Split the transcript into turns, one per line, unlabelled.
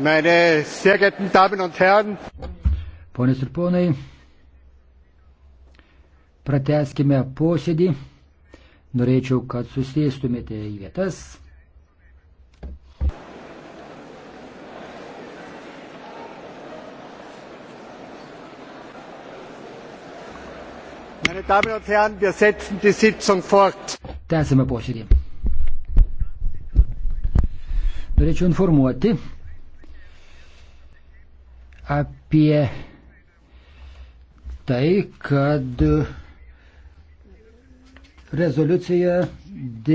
Meine sehr geehrten Damen und Herren.
Ponas ir ponai, prateskime posėdį. Norėčiau, kad susėstumėte į vietas.
Meine Damen und Herren, wir setzen die Sitzung fort.
Tęsime posėdį. Norėčiau informuoti, apie tai, kad rezoliucija
dėl